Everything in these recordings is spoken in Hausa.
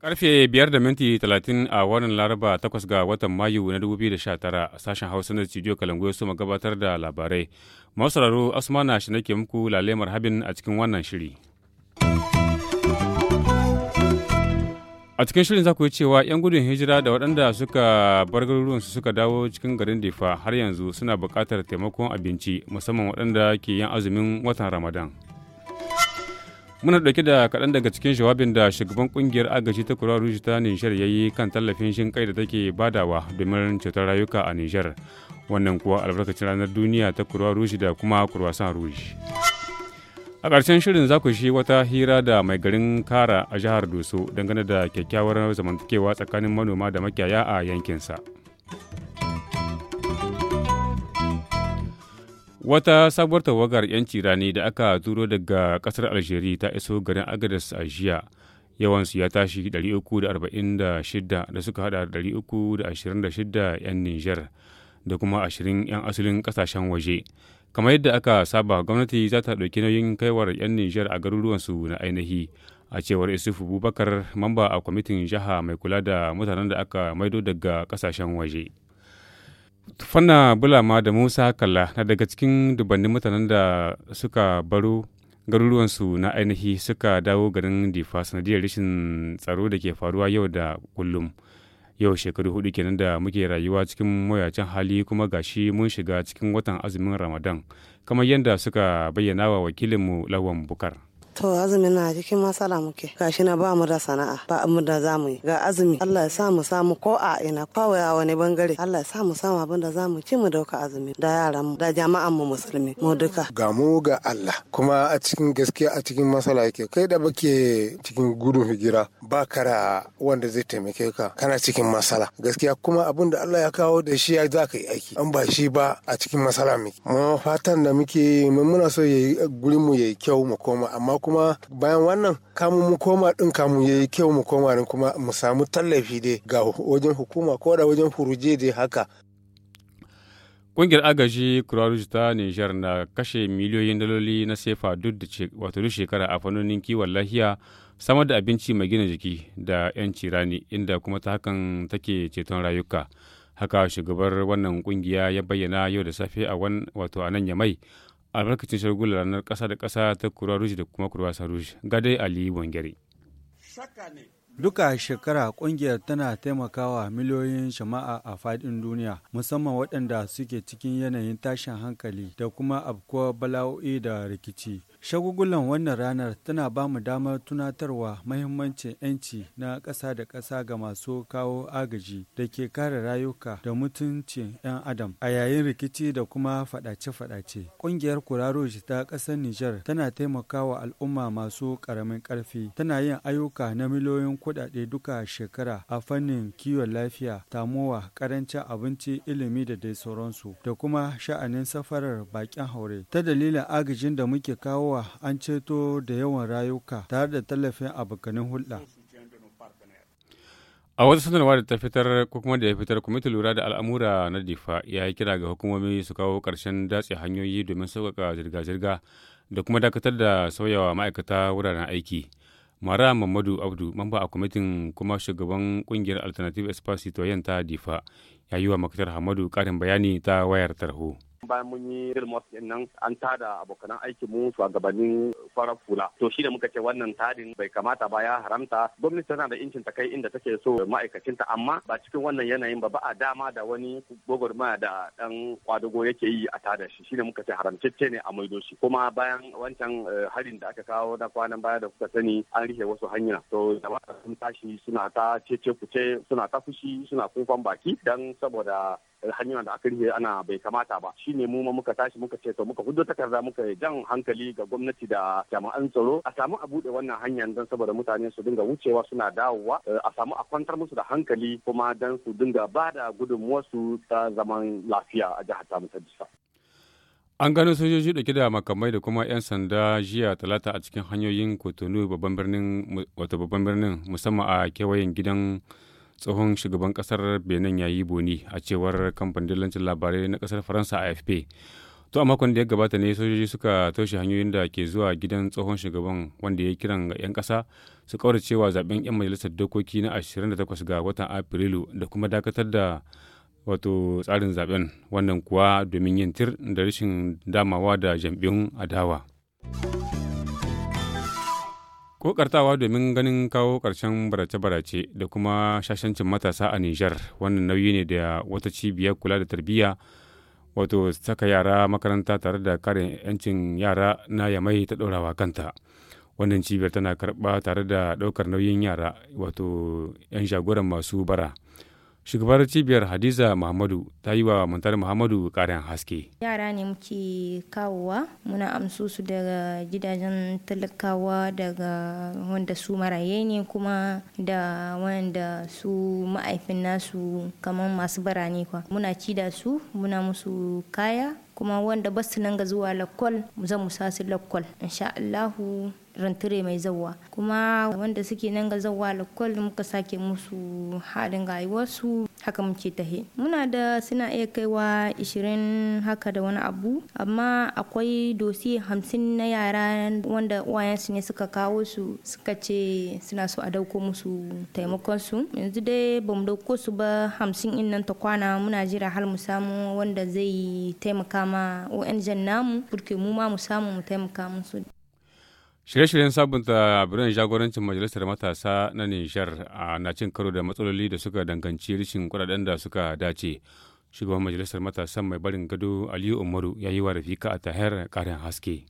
Karfe biyar da minti talatin a wannan Laraba takwas ga watan Mayu na a sashen Hausa na studio Kalangu ya soma gabatar da labarai. Masu sauraro Asmana shi nake muku lalemar habin a cikin wannan shiri. A cikin shirin za ku yi cewa 'yan gudun hijira da waɗanda suka bar su suka dawo cikin garin Difa har yanzu suna buƙatar taimakon abinci musamman waɗanda ke yin azumin watan Ramadan. Muna ɗauke da kaɗan daga cikin jawabin da shugaban ƙungiyar agaji ta kura rushe ta Nijar ya yi kan tallafin shin kai da take badawa domin cutar rayuka a Nijar. Wannan kuwa albarkacin ranar duniya ta kura rushe da kuma kurwasan rushe A ƙarshen shirin za ku shi wata hira da mai garin Kara a jihar Doso dangane da kyakkyawar zamantakewa tsakanin manoma da makiyaya a yankinsa. Wata sabuwar tawagar 'yanci rani da aka turo daga ƙasar Algeria ta iso garin Agadez a jiya. Yawansu ya tashi 346 da suka hada 326 'yan Nijar da kuma 20 'yan asalin ƙasashen waje. kamar yadda aka saba gwamnati za ta ɗauki nauyin kaiwar 'yan nijar a garuruwansu na ainihi a cewar isufu bubakar mamba a kwamitin jiha mai kula da mutanen da aka maido daga kasashen waje tufanna bulama da musa kalla na daga cikin dubannin mutanen da suka baro garuruwansu na ainihi suka dawo garin difa sanadiyar rashin tsaro da ke faruwa yau da kullum. yau shekaru hudu kenan da muke rayuwa cikin mayacin hali kuma gashi mun shiga cikin watan azumin ramadan kamar yadda suka bayyana wa wakilinmu lawan bukar To azumi na cikin matsala muke. Gashi na ba mu da sana'a, ba mu da zamu yi. Ga azumi Allah ya sa mu samu ko a ina kawai a wani bangare. Allah ya sa mu samu abin zamu ci mu dauka azumi da yaran mu da jama'an mu musulmi mu duka. Ga mu ga Allah kuma a cikin gaskiya a cikin masala yake. Kai da bake cikin gudun hijira ba kara wanda zai taimake ka kana cikin masala. Gaskiya kuma abin da Allah ya kawo da shi ya za ka yi aiki. An ba shi ba a cikin masala muke. Mu fatan da muke muna so yayi gurin mu yayi kyau mu koma amma kuma kuma bayan wannan kamun mu koma din ya yi kyau mu koma din kuma mu samu tallafi dai ga wajen hukuma ko da wajen furuje dai haka Ƙungiyar agaji Croix ta Nijar na kashe miliyoyin daloli na sefa duk da wato duk shekara a fannonin kiwon lafiya samar da abinci mai gina jiki da 'yanci rani inda kuma ta hakan take ceton rayuka. Haka shugabar wannan ƙungiya ya bayyana yau da safe a wani wato a nan ya mai. albarkacin shagular ranar ƙasa da kasa ta kurwa rouge da kuma kurwa san rouge gadai ali wangere Duka shekara kungiyar tana taimakawa miliyoyin jama'a a fadin duniya musamman waɗanda suke cikin yanayin tashin hankali da kuma abkuwar bala'o'i da rikici. Shagugulan wannan ranar tana ba mu damar tunatarwa mahimmancin 'yanci na ƙasa da ƙasa ga masu kawo agaji da ke kare rayuka da mutuncin 'yan adam a yayin rikici da kuma faɗace-faɗace. Ƙungiyar Kuraroji ta ƙasar Nijar tana taimakawa al'umma masu ƙaramin ƙarfi, tana yin ayyuka na miliyoyin kuɗaɗe duka shekara a fannin kiwon lafiya, tamowa, ƙarancin abinci, ilimi da dai sauransu, da kuma sha'anin safarar baƙin haure. Ta dalilin agajin da muke kawo yawa an ceto da yawan rayuka tare da tallafin abokanin hulɗa. a wata sanarwa da ta fitar ko kuma da ya fitar kwamitin lura da al'amura na difa ya yi kira ga hukumomi su kawo ƙarshen datse hanyoyi domin sauƙaƙa zirga-zirga da kuma dakatar da sauyawa ma'aikata wuraren aiki mara mamadu abdu mamba a kwamitin kuma shugaban ƙungiyar alternative espace ta difa ya yi wa makatar hamadu ƙarin bayani ta wayar tarho. bayan mun yi real mosque nan an tada abokan aikin mu gabanin farar fula to shi da muka ce wannan tadin bai kamata ba ya haramta gwamnati tana da incin ta kai inda take so ma'aikacinta amma ba cikin wannan yanayin ba ba a dama da wani gwagwarmaya da dan kwadugo yake yi a tada shi shine muka ce haramtacce ne a maido shi kuma bayan wancan eh, harin da aka kawo na kwanan baya da kuka sani an rike wasu hanya to jama'a sun tashi suna ta cece kuce suna ta fushi suna kofan baki dan saboda eh, hanyar da aka rike ana bai kamata ba ne mu ma muka tashi muka ce to muka hudo takarda muka jan hankali ga gwamnati da jami'an tsaro a samu a bude wannan hanyar don saboda mutane su dinga wucewa suna dawowa eh, a samu a kwantar musu da hankali kuma don su dinga ba da su ta zaman lafiya a jihar ta Musa An gano sojoji dauke da makamai da kuma 'yan sanda jiya talata a cikin hanyoyin Kotonu babban birnin wato babban birnin musamman a kewayen gidan tsohon shugaban kasar benin ya yi boni a cewar kamfanin dillancin labarai na kasar faransa afp to a makon da ya gabata ne sojoji suka toshe hanyoyin da ke zuwa gidan tsohon shugaban wanda ya kiran ga 'yan kasa su cewa zaben 'yan majalisar dokoki na 28 ga watan afrilu da kuma dakatar da wato tsarin zaben wannan kuwa domin yin tir da rashin damawa da jam'iyyun adawa. Kokartawa domin ganin kawo karshen barace-barace da kuma shashancin matasa a Nijar wannan nauyi ne da wata cibiyar kula da tarbiyya wato saka yara makaranta tare da kare 'yancin yara na yamai ta ɗorawa kanta. Wannan cibiyar tana karɓa tare da ɗaukar nauyin yara wato 'yan jagoran masu bara. shugabar cibiyar hadiza muhammadu ta yi wa muntar muhammadu karin haske yara ne muke kawowa muna amsu su daga gidajen talakawa daga wanda su maraye ne kuma da wanda su ma'aifin nasu kamar masu birane kwa muna ci da su muna musu kaya kuma wanda basu nan ga zuwa lakwal zan musa su lakwal insha Allahu rantare mai zawa kuma wanda suke nan ga zawa lakwal muka sake musu halin rayuwarsu haka muke tahe muna da suna iya kaiwa 20 haka da wani abu amma akwai dosi hamsin na yara wanda uwayensu ne suka kawo su suka ce suna so a dauko musu taimakon su yanzu dai bamu dauko su ba hamsin in nan ta kwana muna jira har mu samu wanda zai taimaka ma ONG namu burke mu ma mu samu mu taimaka musu Shirye-shiryen sabunta biran jagorancin Majalisar Matasa na Nishar na cin karo da matsaloli da suka danganci rashin kudaden da suka dace. Shugaban Majalisar Matasan mai barin gado Aliyu Umaru ya yi wa Rafika a tahar karin haske.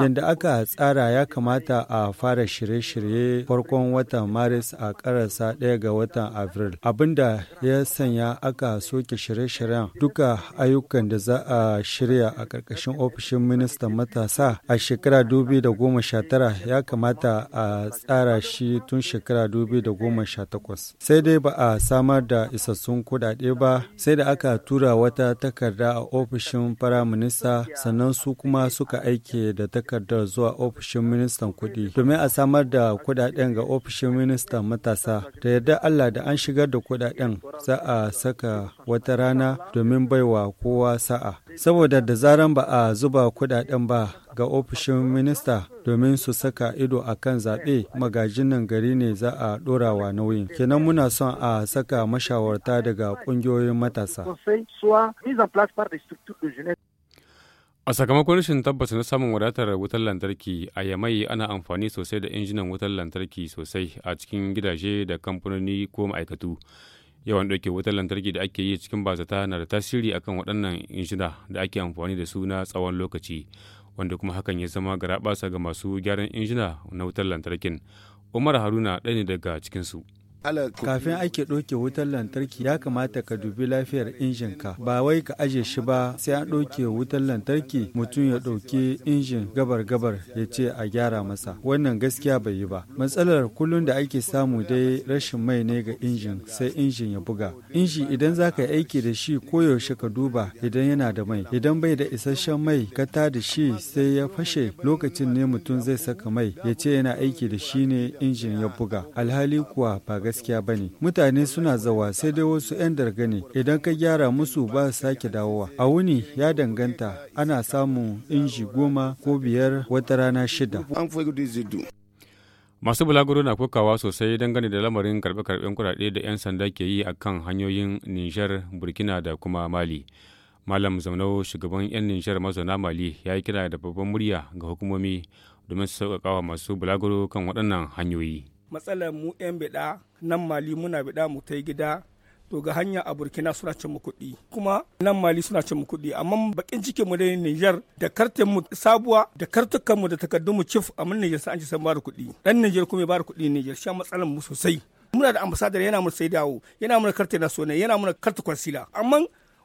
Yadda aka tsara ya kamata a fara shirye-shirye farkon watan Maris a karasa ɗaya ga watan Avril. Abinda ya sanya aka soke shirye-shiryen duka ayyukan da za a shirya a ƙarƙashin ofishin ministan matasa a shekara 2019 ya kamata a tsara shi tun shekara 2018. Sai dai ba a samar da isassun kuɗaɗe ba sai da aka tura wata takarda a ofishin firaminista sannan su kuma suka aiki da takardar zuwa ofishin ministan kuɗi domin a samar da kuɗaɗen ga ofishin ministan matasa da yarda Allah da an shigar da kuɗaɗen za a saka wata rana domin baiwa kowa sa'a saboda da zaran ba a zuba kuɗaɗen ba ga ofishin minista domin su saka ido a kan zaɓe magajinan gari ne za a wa nauyin kenan muna son a saka mashawarta daga ƙungiyoyin matasa A sakamakon rashin tabbas na samun wadatar wutar lantarki a Yamai ana amfani sosai da injinan wutar lantarki sosai a cikin gidaje da kamfanoni ko ma'aikatu. Yawan ɗauke wutar lantarki da ake yi cikin bazata na da tasiri akan waɗannan injina da ake amfani da su na tsawon lokaci, wanda kuma hakan ya zama garaɓasa ga masu gyaran injina na wutar lantarkin. Umar Haruna ɗaya ne daga cikinsu. Kafin ake ɗauke wutar lantarki ya kamata ka dubi lafiyar injin ka ba wai ka aje shi ba sai an ɗauke wutar lantarki mutum ya ɗauki injin gabar-gabar ya ce a gyara masa wannan gaskiya bai yi ba matsalar kullum da ake samu dai rashin mai ne ga injin sai injin ya buga inji idan za ka aiki da shi koyaushe ka duba idan yana da mai idan bai da isasshen mai ka ta da shi sai ya fashe lokacin ne mutum zai saka mai ya ce yana aiki da shi ne injin ya buga alhali kuwa ba gaskiya ba Mutane suna zawa sai dai wasu 'yan darga ne idan ka gyara musu ba su sake dawowa. A wuni ya danganta ana samun inji goma ko biyar wata rana shida. Masu bulaguro na kokawa sosai dangane da lamarin karbe-karben kuraɗe da 'yan sanda ke yi a kan hanyoyin Nijar, Burkina da kuma Mali. Malam Zaunau shugaban 'yan Nijar mazauna Mali ya yi kira da babban murya ga hukumomi domin su sauƙaƙa masu bulaguro kan waɗannan hanyoyi. matsalar mu 'yan bida nan mali muna bida mu ta gida to ga hanya a burkina suna cin mu kuɗi kuma nan mali suna cin mu kuɗi amma bakin cikin mu dai niger da kartin mu sabuwa da kartukan mu da takardun mu cif amma niger sai an ci san bar kuɗi dan niger kuma ya bar kuɗi niger sha matsalar mu sosai muna da ambassador yana mu sai dawo yana mu karta na sone yana mu karta kwansila amma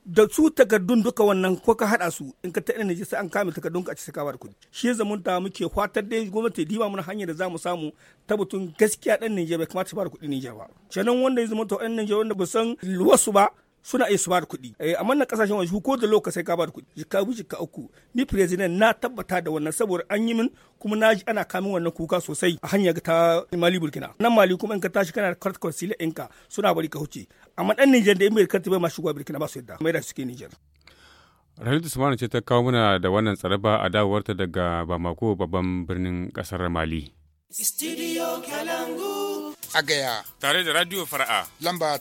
da su takardun duka wannan ko ka hada su in ka ina ne sai an kame takardun ka a cikin kawar kudi shi zaman ta muke fatar dai gwamnati diba mun hanyar da zamu samu tabbatun gaskiya dan Nijar bai kamata ba kuɗi Nijar ba kenan wanda ya zama ta ɗan nijeriya wanda ba san wasu ba suna iya su ba da kuɗi eh, a manna kasashen waje ko da lokaci sai ka ba da kuɗi jika bi jika uku ni president na tabbata da wannan saboda an yi min kuma na ji ana kamin wannan kuka sosai a hanya ta mali burkina nan mali kuma in ka tashi kana da card in ka suna bari ka huce amma ɗan nijar da in bai karti bai ma shugaba burkina ba su yadda mai da suke nijar. Rahilu Usmanu ce ta kawo mana da wannan tsaraba a dawowarta daga Bamako babban birnin kasar Mali. Studio Kalangu. a gaya. Tare da Radio Fara'a. Lamba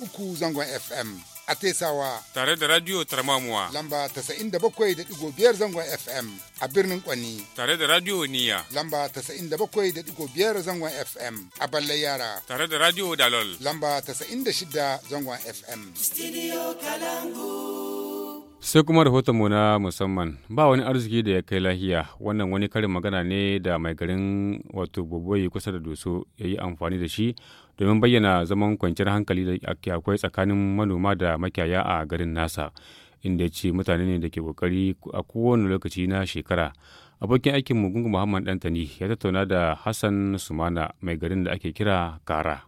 uku zangon FM. A Tesawa. Tare da Radio Tarmamuwa. Lamba biyar zangon FM. A birnin Kwani. Tare da Radio Niya. Lamba biyar zangon FM. A Balle Yara. Tare da Radio Dalol. Lamba shida zangon FM. Studio Kalangu. sai kuma rahotonmu na musamman ba wani arziki da ya kai lahiya wannan wani karin magana ne da mai garin wato boboyi kusa da doso ya yi amfani da shi domin bayyana zaman kwanciyar hankali da akwai tsakanin manoma da makiyaya a garin nasa inda ya ce mutane ne da ke kokari a kowane lokaci na shekara abokin aikin mugungu muhammad dantani ya tattauna da hassan sumana mai garin da ake kira kara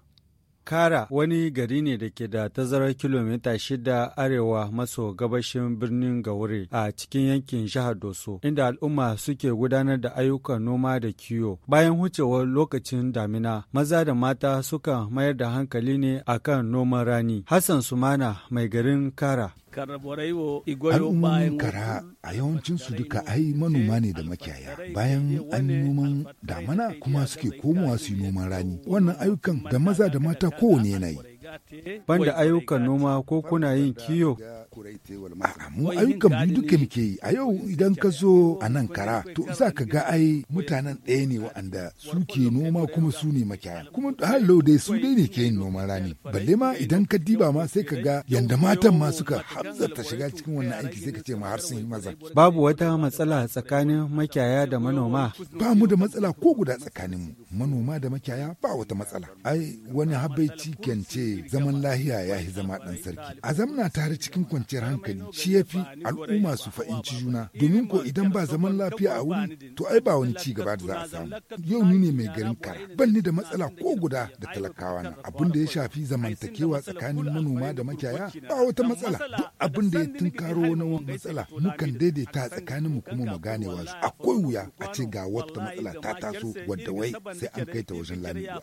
Kara wani gari ne da ke da tazarar kilomita shida arewa maso gabashin birnin Gaure a cikin yankin jihar Doso, inda al'umma suke gudanar da ayyukan noma da kiwo. Bayan hucewar lokacin damina, maza da mata suka mayar da hankali ne akan noman rani. Hassan Sumana mai garin Kara. bayan kara a yawancin su duka ai manoma ne da makiyaya bayan an yi noman damana kuma suke komowa su noman rani wannan ayyukan da maza da mata kowane yanayi banda ayyukan noma ko kuna yin kiyo mu ayyukan mu duka muke yi a yau idan ka zo a nan kara to za ka ga ai mutanen ɗaya ne waɗanda su ke noma kuma su ne makiyaya kuma hallo dai su dai ne ke yin noman rani balle ma idan ka diba ma sai ka ga yanda matan ma suka ta shiga cikin wannan aiki sai ka ce ma har sun yi maza babu wata matsala tsakanin makiyaya da manoma ba mu da matsala ko guda tsakanin mu manoma da makyaya ba wata matsala ai wani habaici kyance zaman lahiya ya zama ɗan sarki a zamna tare cikin kwanciyar kwanciyar hankali shi ya fi al'umma su fa'inci juna domin ko idan ba zaman lafiya a wuri to ai ba wani ci gaba da za a samu yau ni ne mai garin kara ban ni da matsala ko guda da talakawa na abin da ya shafi zamantakewa tsakanin manoma da makiyaya ba wata matsala duk abin da ya tunkaro wani matsala mukan daidaita tsakanin mu kuma mu ganewa wasu akwai wuya a ce ga wata matsala ta taso wadda wai sai an kai ta wajen lamido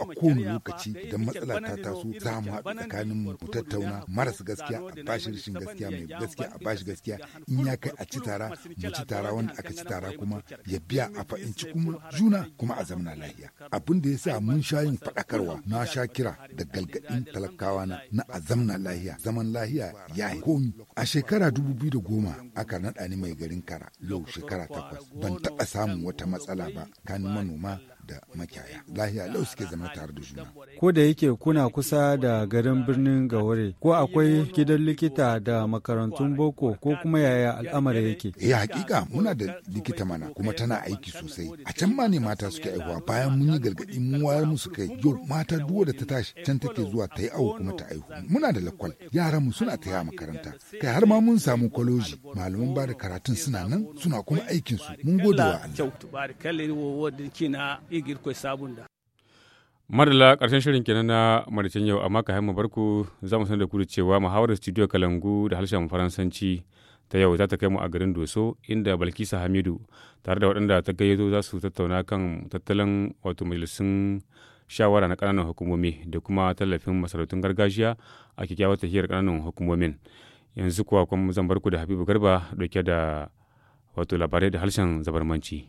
a kowane lokaci idan matsala ta taso za mu haɗu tsakanin mu tattauna marasa gaskiya a bashir rashin gaskiya mai gaskiya a bashi gaskiya in ya kai a ci tara mu ci tara wanda aka ci tara kuma ya biya a fa'inci kuma juna kuma a zamana lahiya abin da ya sa mun sha yin faɗakarwa na sha kira da galgadin talakawa na na a zamana lahiya zaman lahiya ya yi komi a shekara dubu biyu da goma aka naɗa ni mai garin kara lau shekara takwas ban taɓa samun wata matsala ba kan manoma da makiyaya lahiya lau suke zama tare da juna ko da yake kuna kusa da garin birnin gaware ko akwai gidan likita da makarantun boko ko kuma yaya al'amari yake Ya eh, hakika muna da likita mana kuma tana aiki sosai a can ma ne mata suke aihuwa bayan mun yi gargaɗi mun wayar musu kai yau mata duwa da ta tashi can take zuwa ta yi awo kuma ta aihu muna da lakwal yaran mu suna taya makaranta kai har ma mun samu kwaloji malaman ba da karatun suna nan suna kuma aikinsu su mun gode wa Allah igir ko da. madala ƙarshen shirin kenan na maricin yau amma ka mu barku za mu sanar da ku cewa muhawarar studio kalangu da harshen faransanci ta yau za ta kai mu a garin doso inda balkisa hamidu tare da waɗanda ta gayyato za su tattauna kan tattalin wato majalisun shawara na ƙananan hukumomi da kuma tallafin masarautun gargajiya a kyakkyawar tafiyar ƙananan hukumomin yanzu kuwa kuma zan barku da habibu garba dauke da wato labarai da harshen zabarmanci.